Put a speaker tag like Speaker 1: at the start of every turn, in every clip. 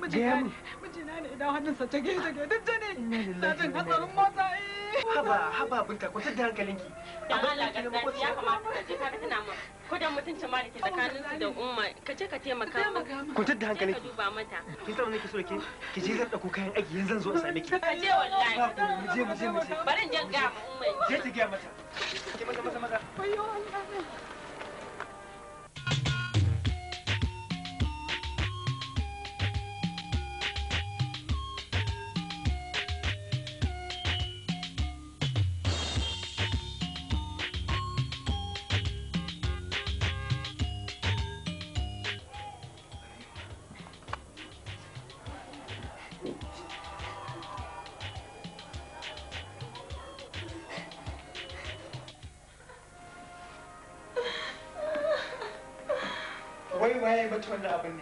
Speaker 1: mijina ne idan hannunsa ta ta ne na jin hatsarin
Speaker 2: eh. haba haba kwatar da hankalinki
Speaker 1: dan Allah ya kamata ka je ka mu mutunci ma da ke da umma ka je ka taimaka kwatar da hankalinki ka duba mata
Speaker 2: nake so ki je zan dauko kayan aiki yanzu zan zo same ki ka je wallahi mu je mu je mu je bari in ga umma je ta mata ke maza maza Allah turned up and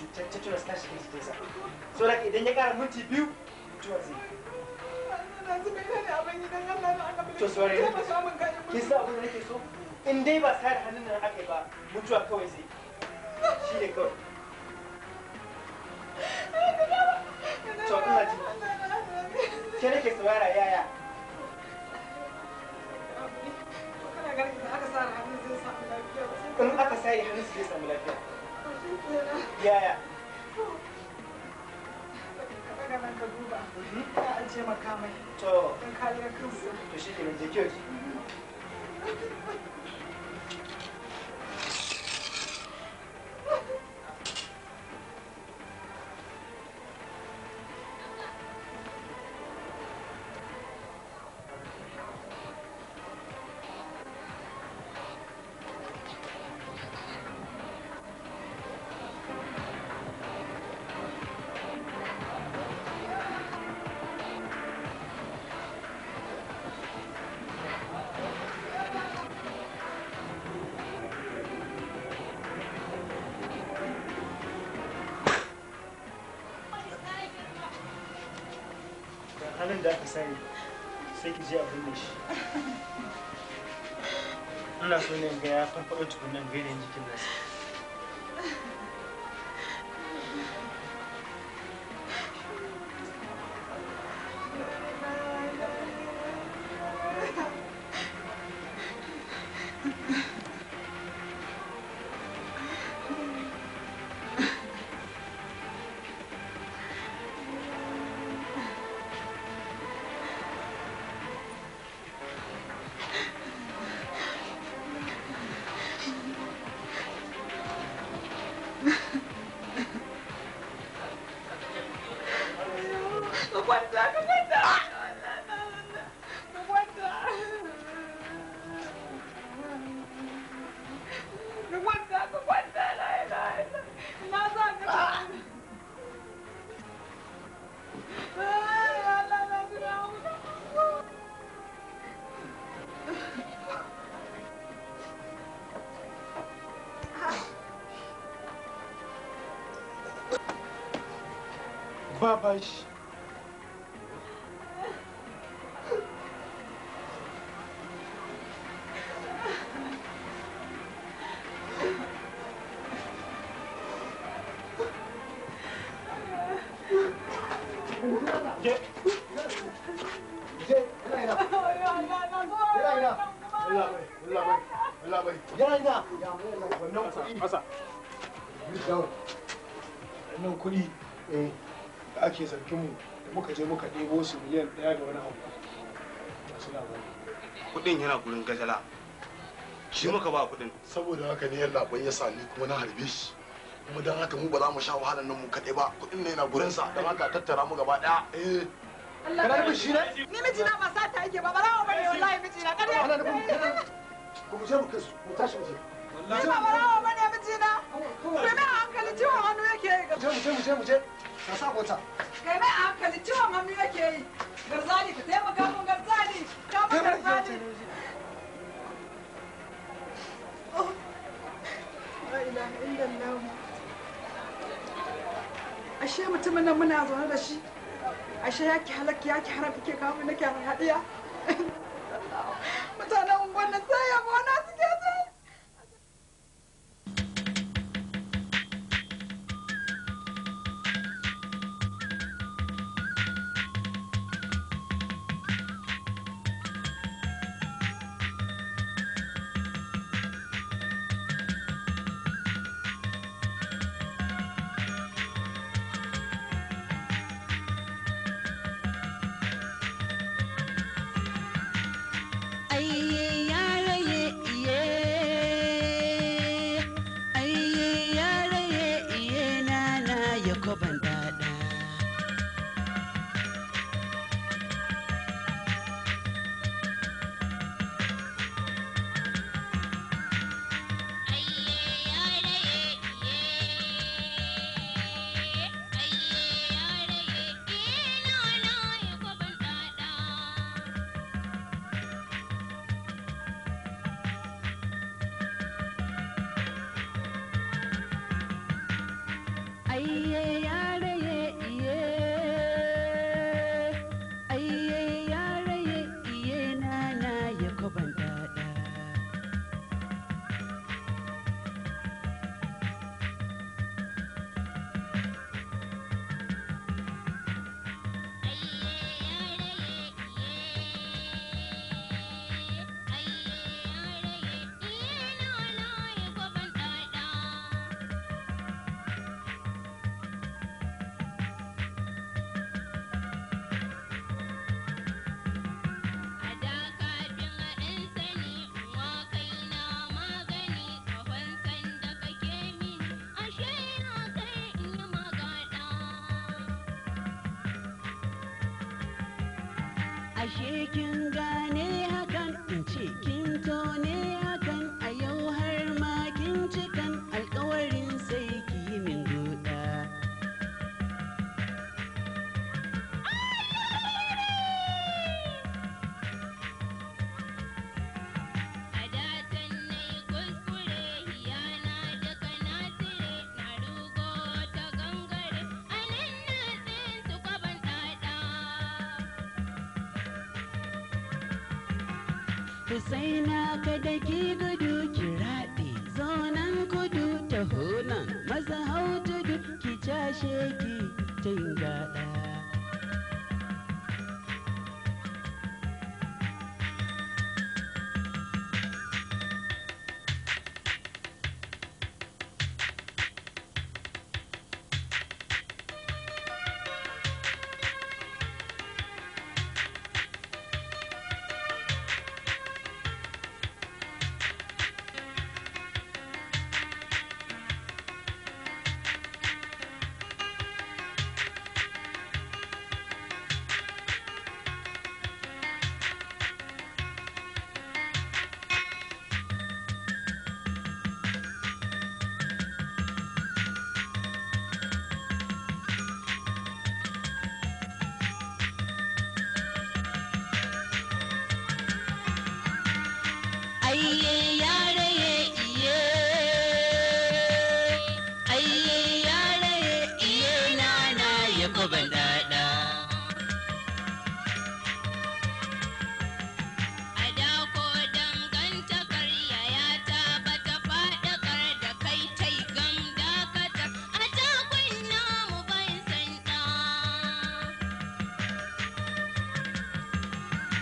Speaker 2: cutar tetanus ta shiga jikinsa so da idan ya kara minti biyu mutuwa zai yi. to sorry kin san abin da nake so in dai ba sayar hannun nan aka yi ba mutuwa kawai zai shi ne kawai to ina ji ke nake saurara yaya in aka sayar hannun zai samu lafiya in aka sayar hannun zai samu lafiya yaya ka duba ka ajiye makamai to don kariya kansu to kuna so ne to ya kamfaɗo tukunan
Speaker 3: babaś.
Speaker 4: Gdzie? Gdzie? Elena! Elena! Elena! Elena! Elena! Elena!
Speaker 3: Elena! Elena!
Speaker 2: Elena! Elena! Elena! ake zargin mu da muka je muka ɗebo su miliyan ɗaya da wani abu masu labari
Speaker 5: kuɗin yana gurin gajala shi muka ba kuɗin saboda haka ne yan ban ya sani
Speaker 3: kuma na harbe shi kuma don haka mu ba za mu sha wahalar nan mu kaɗai ba kuɗin ne yana gurin sa don haka tattara mu gaba ɗaya eh
Speaker 6: kana nufin shi ne ni miji na ba sa ta yake ba ba za mu bari wallahi miji na kada kana nufin
Speaker 2: ku je mu kasu mu tashi mu je wallahi ba ba za mu
Speaker 6: bari miji na ku na hankali
Speaker 2: ciwon hannu yake je mu je mu je mu je ka a kota
Speaker 6: kai mai hankali ciwon hannu yake yi garzani ka taimaka mun garzani ka mun garzani oh. ashe mutumin nan muna zaune da shi ashe ya ki ya ki kawo nake
Speaker 1: mutanen sai suke
Speaker 6: ஐயே யாழையே ஏ ஐயே யாழையே ஏ நானாய Kuban ashe kin gane hakan in ce kin tone hakan na ka da ki raɗe kiraɗe zonan kudu ta honan masa hau duk ki cashe ki tun gaɗa.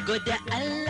Speaker 6: Good Godaan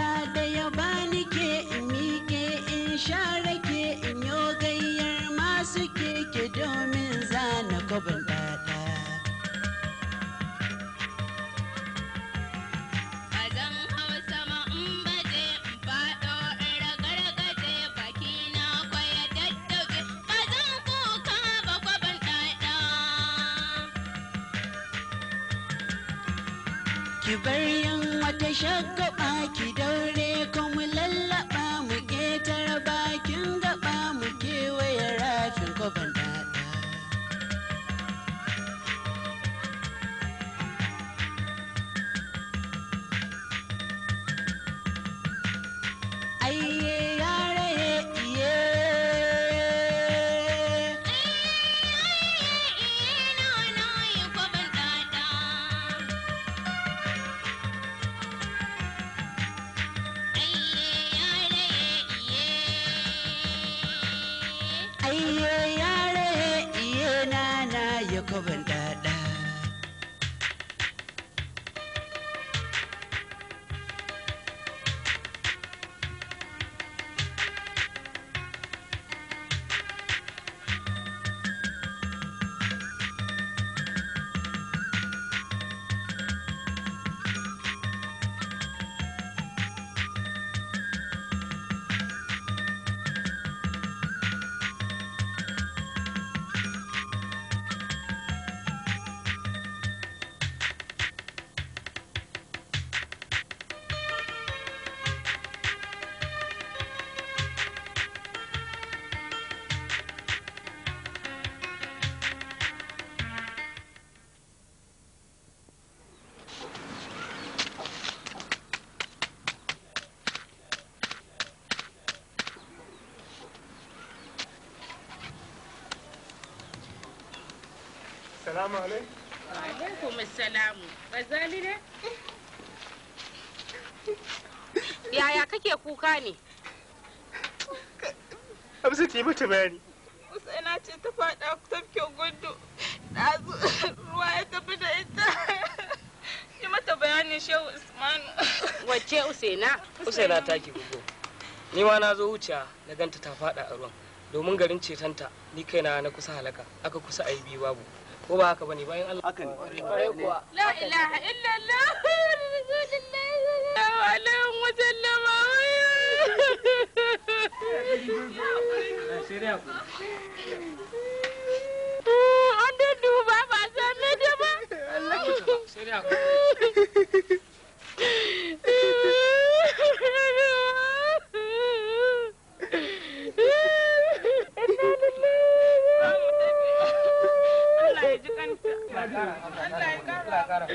Speaker 6: momento.
Speaker 5: Assalamu alaikum.
Speaker 1: Wa alaikum ne? Yaya kake
Speaker 2: kuka ne? Hamsa ta yi mata bayani.
Speaker 1: Usaina ce ta faɗa tafkin gundu. Ɗazu ruwa ya tafi da ita. Yi mata bayani Shehu Usman. Wacce Usaina?
Speaker 2: Usaina ta ke gugu. Ni ma na zo wuce na ganta ta faɗa a ruwan. Domin garin cetonta ni kaina na kusa halaka aka kusa a yi biyu babu. ko ba haka bane bayan Allah haka ne
Speaker 4: la ilaha illa Allah rasulullah alaihi wa sallam an duba ba san me ba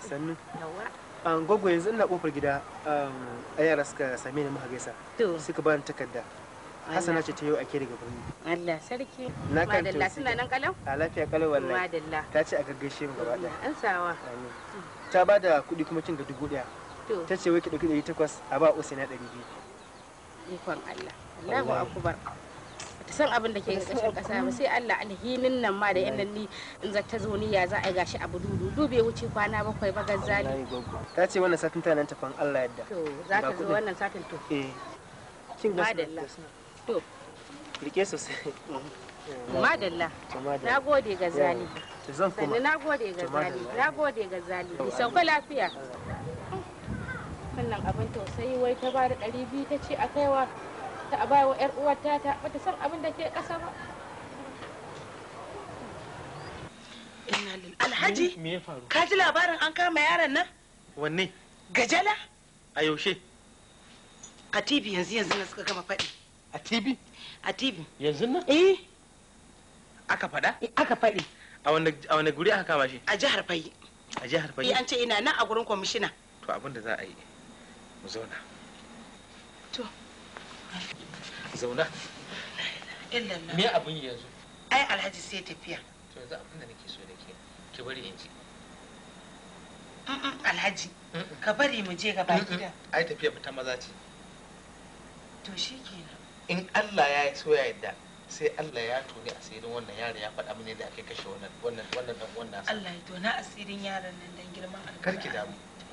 Speaker 2: sannu an gwaggo yanzu ina kofar gida um, a yara suka same ni muka gaisa suka bani takarda hasana ce ta yau ake daga birni Allah
Speaker 1: sarki na kan madalla suna nan kalau
Speaker 2: a lafiya kalau wallahi madalla ta ce a gaggaishe mu gaba daya an sawa ta ba da kuɗi kuma kin ga dubu ɗaya ta ce wai ki ɗauki ɗari takwas a ba usaina ɗari biyu
Speaker 1: ikon Allah Allahu akbar ta san abin da ke ƙarƙashin ƙasa ba sai Allah alhinin nan ma da yan nan ni in za ta zo ni ya za a yi gashi abu dudu dube wuce kwana bakwai ba gazzali
Speaker 2: ta ce wannan satin ta nan tafan Allah yadda to za ta zo wannan satin to eh.
Speaker 1: kin ga to
Speaker 2: rike sosai madalla na gode gazzali sannan na gode gazzali na
Speaker 1: gode gazzali sauka lafiya wannan abin tausayi wai ta bada ɗari biyu ta ce a kaiwa ta a bawa yar uwar ta ta bata san abin da ke kasa ba Alhaji ka ji labarin an kama yaron nan wanne gajala
Speaker 3: a yaushe a TV yanzu yanzu na suka gama faɗi a TV a TV yanzu nan eh aka faɗa eh, aka faɗi a wani guri aka kama shi a jihar Fayi a jihar Fayi eh, an ce ina nan a gurin kwamishina to abin da za a yi mu zauna to zauna me abin yanzu
Speaker 1: ai alhaji sai tafiya to yanzu abin da nake so da ke ki bari in ji alhaji ka bari mu je gaba gida
Speaker 3: ai tafiya fita maza ce to
Speaker 1: shikenan
Speaker 3: in Allah ya so ya yadda sai Allah ya tuni asirin wannan yaro ya faɗa mini da ake kashe wannan wannan wannan wannan Allah
Speaker 1: ya tuni asirin yaron nan dan girman alƙur'ani karki damu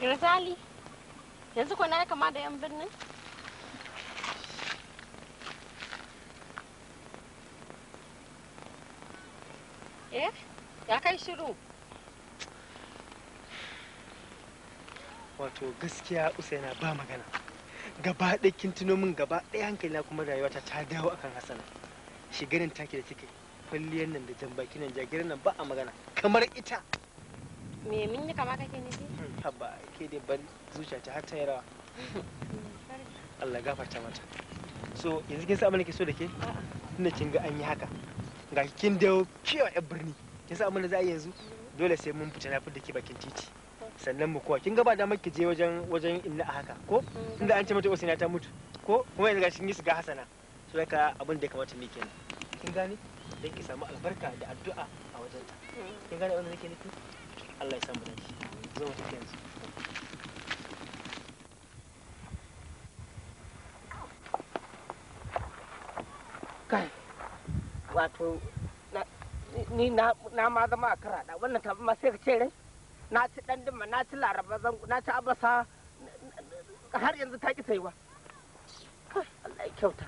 Speaker 1: Irzali, yanzu ko na kama da 'yan birnin? Eh, ya kai shiru.
Speaker 2: Wato gaskiya Usaina ba magana. Gaba ɗaya kin tuno min gaba ɗaya hankalina kuma rayuwata ta dawo akan Hassana. Shigarin take da take kwalliyar nan da jan baki nan jagirar nan ba a magana kamar ita.
Speaker 1: Me mun yi kama kai?
Speaker 2: ke da bar zuciya ta har ta yi rawa Allah gafarta mata so yanzu kin sa abin ke so da ke tunda kin ga an yi haka ga kin dawo kewa yan birni kin sa amana za a yi yanzu dole sai mun fita na da ke bakin titi sannan mu kowa kin ga ba damar ki je wajen wajen inna a haka ko inda an ce mata usaina ta mutu ko kuma yanzu shi yi su ga hasana so haka abin da ya kamata ni kenan kin gane dan ki samu albarka da addu'a a wajen ta kin gane abin da nake nufi Allah ya samu shi zo mu tafi yanzu
Speaker 1: wato ni na ma zama a karaɗa wannan tafi ma sai ka ce rai na ci ɗan dima na ci laraba zango na ci abasa har yanzu ta ki saiwa Allah ya kyauta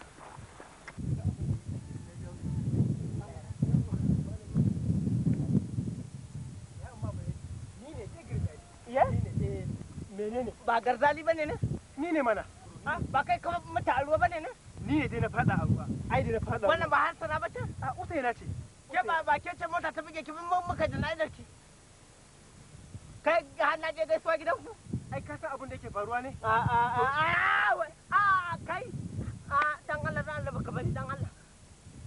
Speaker 2: ba garzali ba ne ne? ni ne mana ah, ba kai kuma mata ruwa ba ne ne? jiya dai na fada a ruwa ai dai na fada
Speaker 1: wannan ba har sana bace a usaina ce ke ba ba ke ce mota ta buge ki mun muka da ki kai har na je gaisuwa gidan ku ai ka san abin da yake faruwa ne a a a a kai a dan Allah dan Allah baka bari dan Allah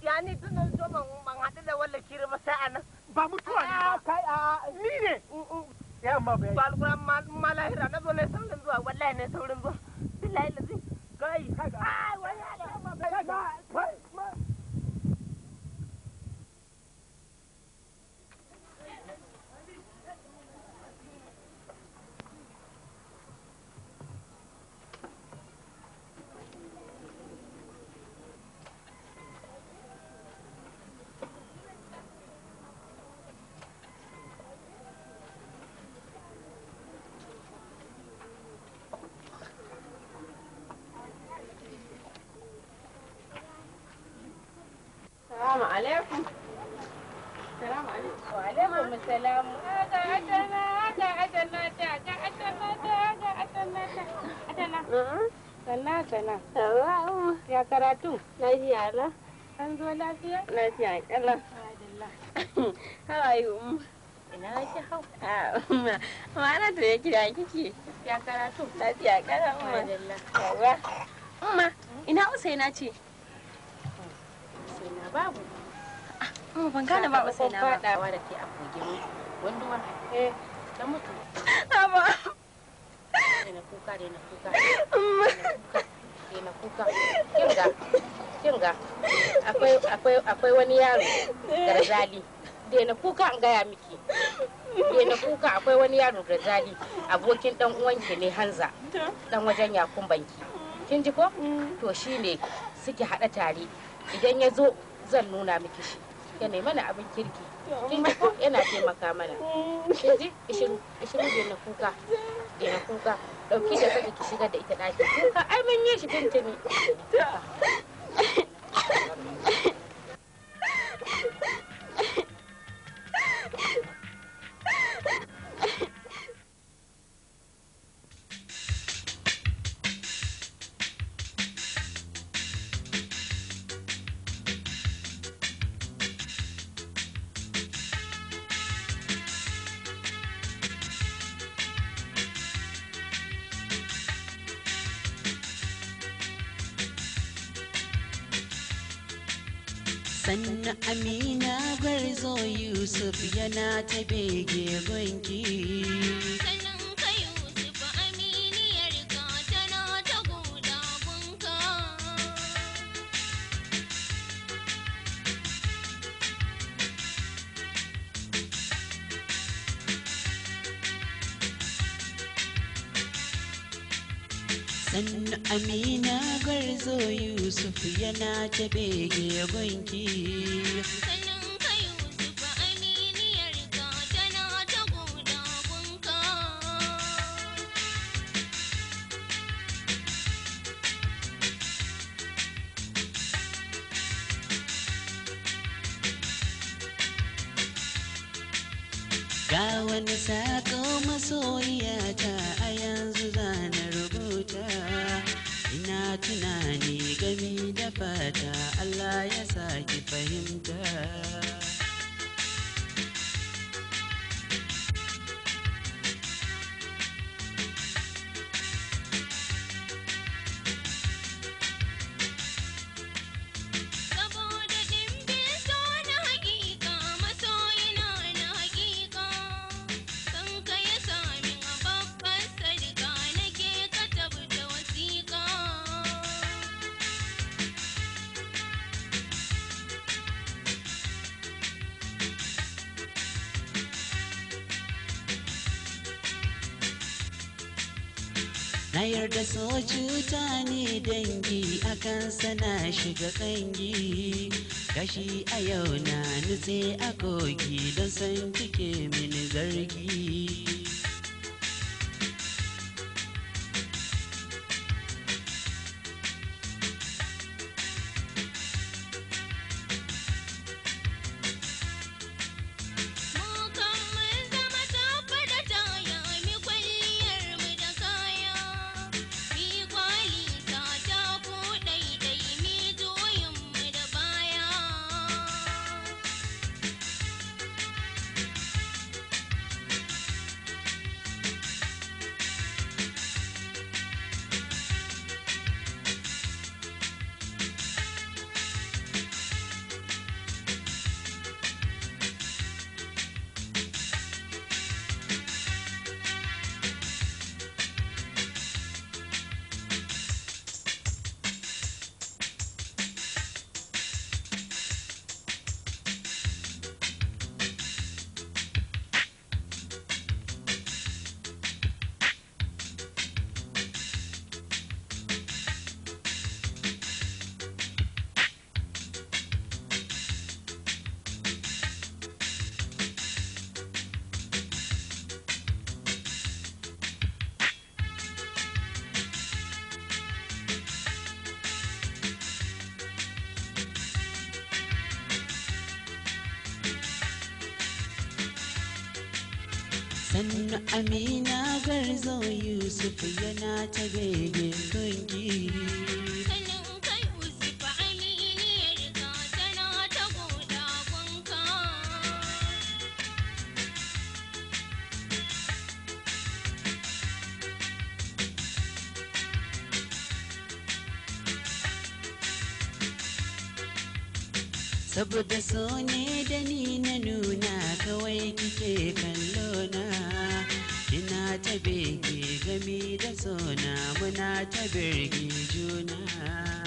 Speaker 1: ya ni tun zo ban ban hadu da wallan kiri ba sai anan ba mutuwa ne ba kai a ni ne mm, mm. ya amma bai ba alquran ma lahira na zo ne saurin zuwa wallahi ne saurin alaikum. Salamu alaikum. Wa alaikum salam. ta, ta, ta. Ya karatu. Lafiya la. An zo lafiya? Lafiya kala. How are you? Ina ki hau. Ah, Ma'ana to ya kira kike. Ya karatu. Lafiya kala umma. Yawa. Umma, ina Usaina ce? Usaina babu. Oh, ban kuka kuka akwai wani yaro garzali da kuka an gaya miki kuka akwai wani yaro garzali abokin dan uwanki ne hanza dan wajen yakun banki kin ji ko mm. to shine suke hada tare idan ya zo zan nuna miki shi yana mana abin kirki
Speaker 4: kin ji ko yana
Speaker 1: taimaka mana kin ji ishiru ishiru da na kuka da na kuka dauki da kake ki shiga da ita daki kuka ai mun yi shi tuntuni
Speaker 6: sannu amina zo yusuf yana ta bege gonki Yusuf yana ta bege gunki na yarda sau cuta ne dangi akan sana shiga kangi kashi a yau na nutse a kogi don san cike mini zargi sannu amina garzo yusuf yana ta bege kungi saboda so ne da ni na nuna kawai kike kallo na ina ta bege gami da na muna ta birge juna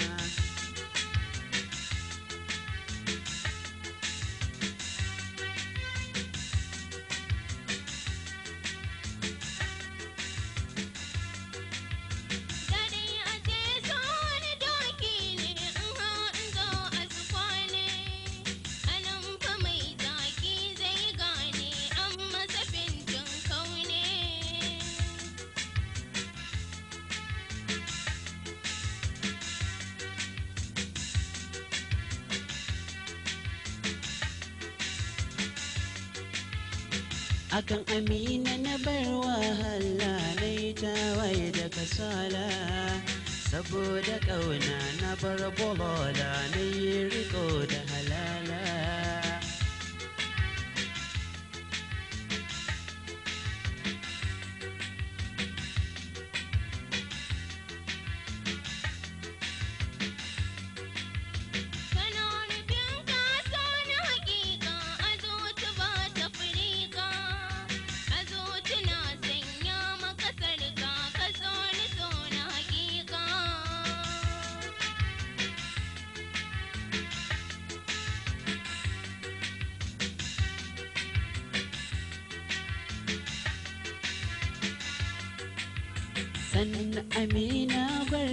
Speaker 6: san amina bar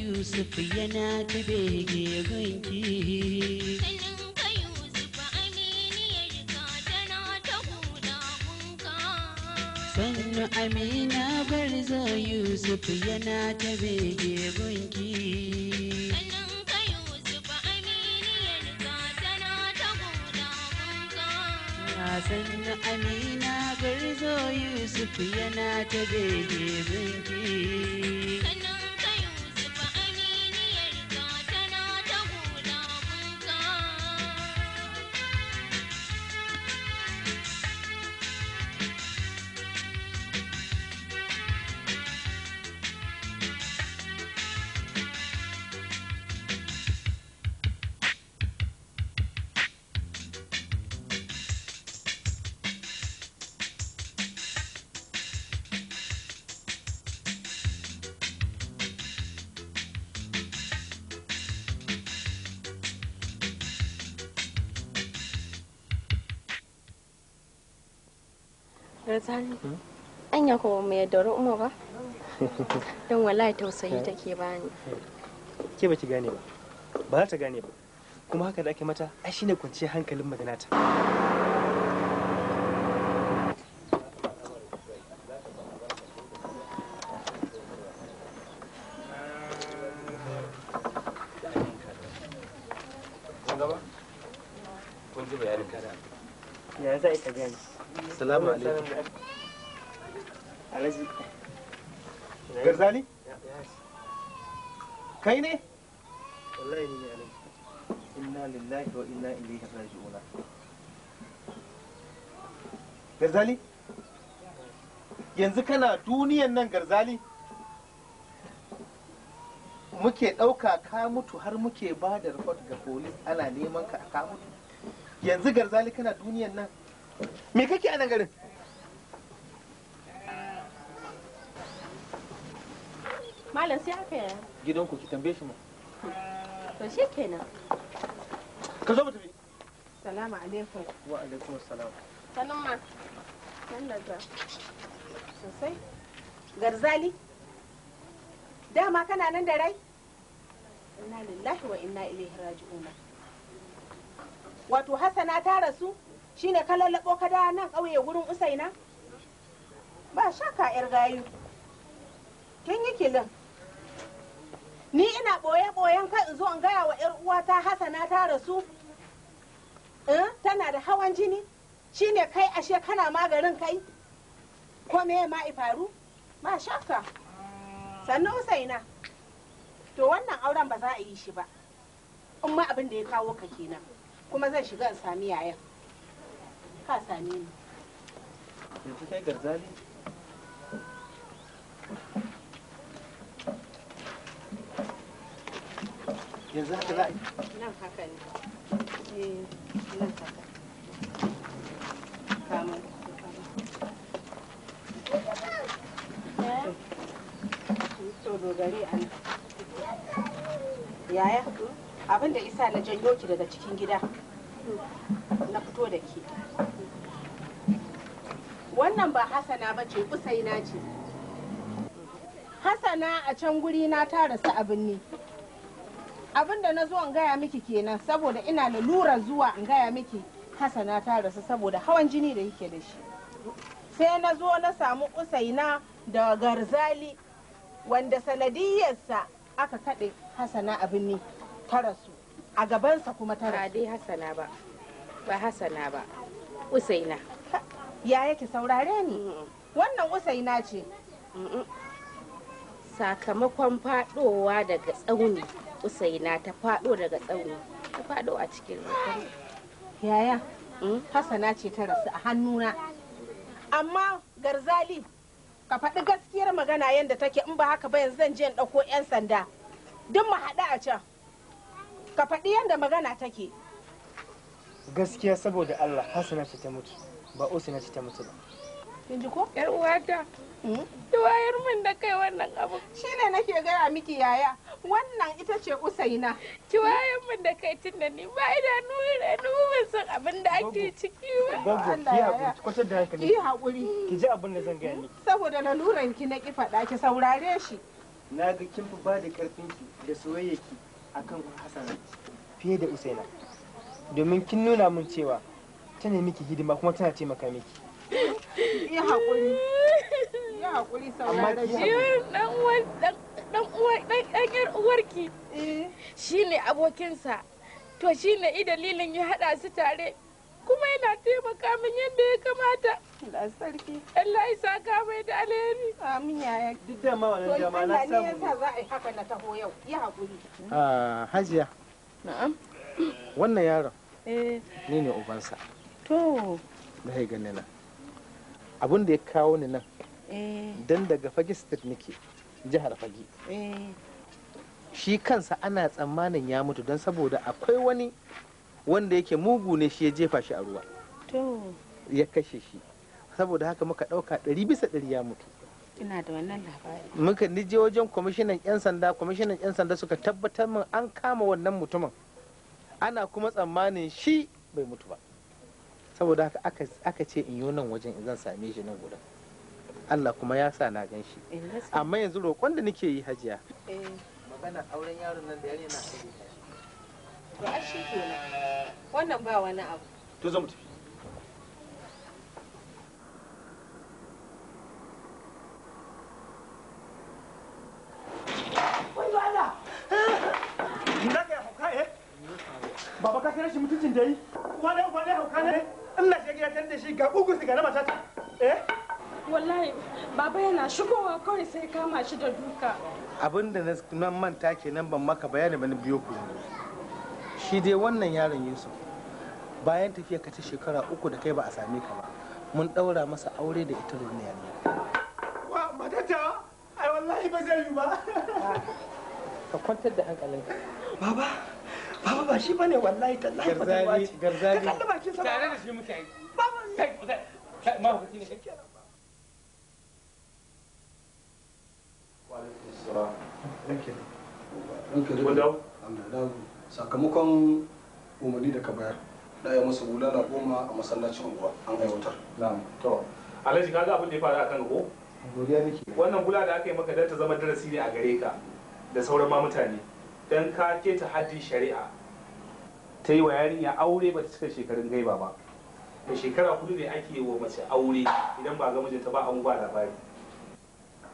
Speaker 6: yusuf yana ta bege ganki Sannu amina bar zo yusuf yana ta bege ganki san amina bar zo yusuf yana ta bege Sufiya नाच गई देव की
Speaker 1: Razali, hmm? anya kuma mai yadda umma ba? Don wallahi tausayi hmm. take ni.
Speaker 2: Hmm. Ke ki gane ba, ba za ta gane ba. Kuma haka da ake mata, ai shine kwanciyar hankalin ta.
Speaker 3: yanzu kana duniyan nan garzali muke ɗauka ka mutu har muke ba da report ga polis ana neman ka ka mutu yanzu garzali kana duniyan nan me kake a nan garin
Speaker 1: malam sai haka
Speaker 3: ya ku ki tambaye shi mu
Speaker 1: to shi kenan ka zo mu tafi salamu alaikum wa alaikum assalam sanin ma nan da sosai garzali dama kana nan da rai inna lillahi wa inna ilaihi raji'un wato Hassana ta rasu shine ka lallabo ka da nan ƙauye gurin usaina ba shaka yar gayu kin yi kilin ni ina boye boyen kai in zo in gaya wa yar uwata hasana ta rasu eh, tana da hawan jini shine kai ashe kana maganin kai ko me ma ifaru ba shakka sannan usaina to wannan auren ba za a yi shi ba in ma abin da ya kawo ka kenan kuma zan shiga in sami yayan ka same ni
Speaker 3: yanzu kai garzali yanzu haka za a
Speaker 1: yi nan haka ne eh nan haka eh? yaya abin da isa na janyo ki daga cikin gida na fito da ke wannan ba hasana ba ce kusaina ce hasana a can guri na ta rasu abin ne abin da na zo in gaya miki kenan saboda ina da lura zuwa in gaya miki hasana ta rasu saboda hawan jini da yake da shi sai na zo na samu usaina da garzali wanda sanadiyarsa aka kaɗe hasana abin ne ta rasu a gabansa kuma ta rasu. ba hasana ba ba hasana ba usaina ya yake saurare ni wannan usaina ce sakamakon fadowa daga tsauni usaina ta fado daga tsauni ta fado a cikin rukun yaya mm? hasana ce ta rasu a hannuna amma garzali ka faɗi gaskiyar magana yadda take in ba haka ba yanzu zan je in ɗauko 'yan sanda duk mu haɗu a can ka faɗi yadda magana take
Speaker 2: gaskiya saboda allah hasana ce ta mutu ba usina ce ta mutu ba
Speaker 1: kin ko yar uwata hmm? wayar min da kai wannan abu shine nake gaya miki yaya wannan ita ce usaina ki wayar min da kai tunda ni ba idanu idanu ban san abin da ake ciki ba Allah ya
Speaker 2: kwatar da hankali ki hakuri ki ji abin da zan gaya miki
Speaker 1: saboda laluran ki na ki fada ki saurare shi
Speaker 2: na ga kin fi ba da karfin ki da soyayya ki akan Hassan fiye da usaina domin kin nuna mun cewa ta ne miki hidima kuma tana taimaka miki
Speaker 1: iya haƙuri iya haƙuri saurara shi dan uwan dan dan yar uwarki eh. shine abokinsa to shine i dalilin ya hada su tare kuma yana taimaka min yadda ya kamata da sarki Allah ya saka mai da alheri amin yaya duk
Speaker 2: da ma wannan jama'a na samu to yasa
Speaker 1: za a yi haka na taho yau ya haƙuri
Speaker 3: ah hajiya na'am wannan yaron eh. ni ne ubansa to da ya gani nan da ya kawo ni nan eh. dan daga fage state nake jihar fagi eh. shi kansa ana tsammanin ya mutu don saboda akwai wani wanda yake mugu ne shi ya jefa shi a ruwa ya kashe shi saboda haka muka ɗauka ɗari bisa ɗari ya mutu
Speaker 1: ina da wannan labari
Speaker 3: muka nije wajen kwamishinan 'yan sanda kwamishinan 'yan sanda suka tabbatar min an kama wannan mutumin
Speaker 1: ana kuma tsammanin
Speaker 3: shi bai mutu ba saboda haka aka ce in yi nan wajen in zan same shi nan gurin Allah kuma ya sa na gan shi
Speaker 4: eh, amma
Speaker 3: yanzu roƙon da nake yi hajiya eh. magana auren yaron nan da yare na to
Speaker 1: a shi kenan wannan ba wani abu
Speaker 3: to zan tafi
Speaker 2: eh? Baba ka kira shi mutuncin da yi? Kuma ne, hauka ne? ina shiga gida da shi ga ugu ga na matata
Speaker 1: eh wallahi baba yana shigowa kawai sai kama shi da duka
Speaker 3: abin da na manta kenan ban maka bayani ba na biyo ku shi dai wannan yaron yusuf bayan tafiya ka ta shekara uku da kai ba a same ka ba mun daura masa aure da ita duniya ne
Speaker 2: wa matata ai wallahi ba zai yi ba ka kwantar da hankalinka baba Baba ba shi bane wallahi tallahi ba zai wace. Garzani, garzani. Ka kalli
Speaker 3: bakin sa. Tare da shi muke aiki. Baba. Kai kai, ma hukuki ne kake nan ba.
Speaker 5: Wa alaikum salam. Yake. Ranka da dawo. Allah dawo. Sakamakon umarni da ka bayar. Da ya masa bulala goma a masallacin unguwa an aiwatar. Na'am. To. Alhaji ka ga abin da ya faru a kan ko? Godiya nake. Wannan bula da aka yi maka dan ta zama darasi ne a gare ka da sauran ma mutane. don ka keta haddin shari'a ta yi wa yarinya aure ba ta cika shekarun gaiba ba da shekara kudu ne ake wa mace aure idan ba ga mijinta ba an ba labari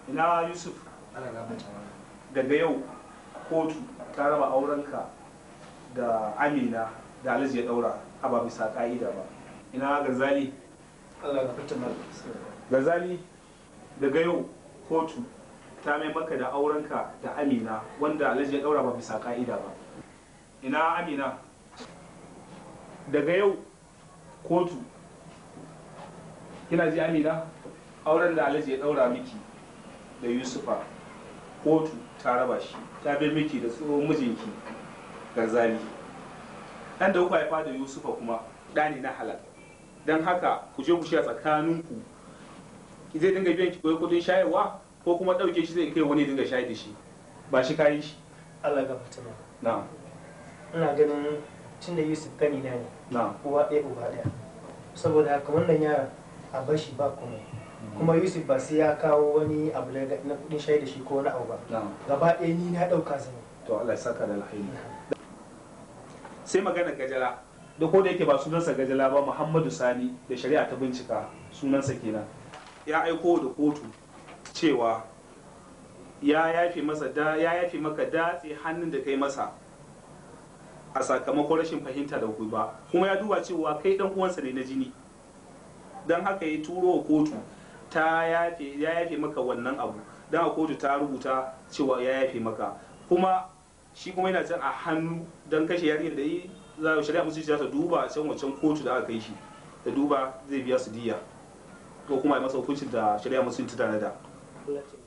Speaker 5: ina yusuf daga yau kotu ta raba aurenka da amina da alizu ya daura a ba bisa ka'ida ba ina garzali garzali daga yau kotu ta mai baka da aurenka da amina wanda alhaji ya daura ba bisa ka'ida ba ina amina daga yau kotu kina ji amina auren da alhaji ya daura miki da yusufa kotu ta raba shi ta bi miki da tsohon mijinki garzali ɗan da kuka haifa da yusufa kuma ɗani na halal don haka ku je ku a tsakaninku zai dinga biyan ki kuɗin shayarwa ko kuma ɗauke shi zai kai wani dinga shayar da shi ba shi kayi shi Allah ga ba na
Speaker 2: ina ganin da Yusuf kani na ne na uwa ɗaya uba ɗaya saboda haka wannan yara a bar shi ba kuma kuma Yusuf ba sai ya kawo wani abu na kuɗin shayar da shi ko wani abu ba gaba ɗaya
Speaker 5: ni na ɗauka ne to Allah saka da alheri sai magana gajala da ko da yake ba sunansa gajala ba Muhammadu Sani da shari'a ta bincika sunansa kenan ya aiko da kotu cewa ya yafi masa da ya yafi maka datse hannun da kai masa a sakamakon rashin fahimta da ba kuma ya duba cewa kai dan uwansa ne na jini don haka ya turo kotu ta yafe ya yafe maka wannan abu don a kotu ta rubuta cewa ya yafe maka kuma shi kuma yana can a hannu don kashe yarinyar da yi za a shari'a musulci za ta duba a can wancan kotu da aka kai shi da duba zai biya su diya ko kuma a masa hukuncin da shari'a musulunci ta da
Speaker 2: bulat sih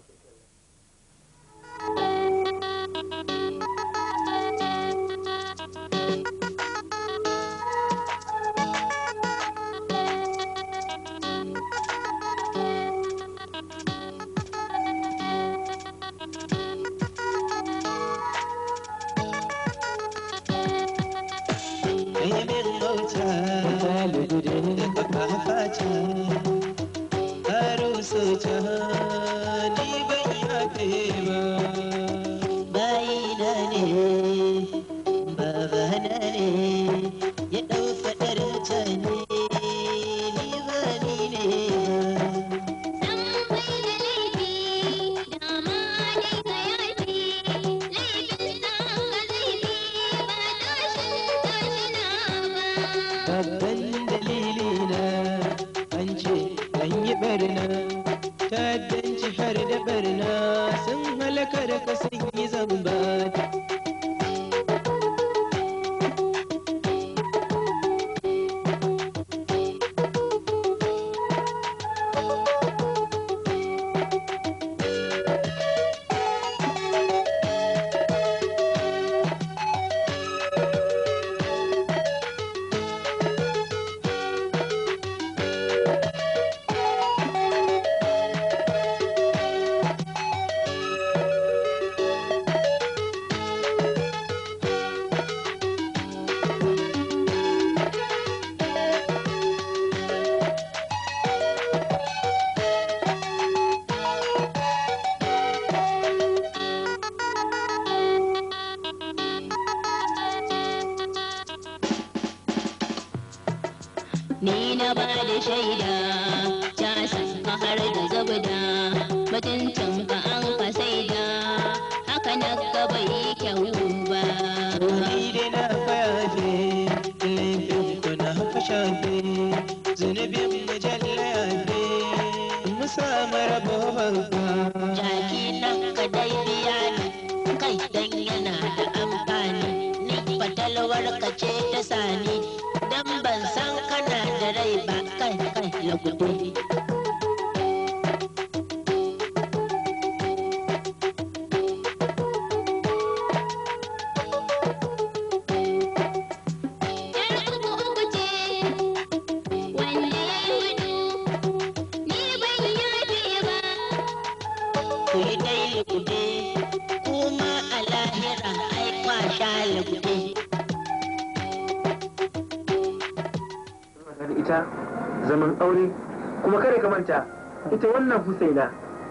Speaker 2: Brother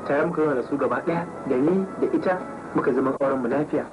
Speaker 2: tare muka yi da su gaba ɗaya da ni da ita muka zama auren mu lafiya